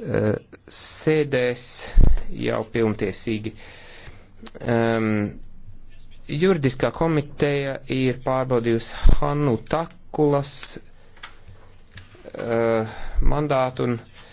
Eh, sēdēs jau pilntiesīgi. Um, juridiskā komiteja ir pārbaudījusi Hannu Takulas uh, mandātu un uh,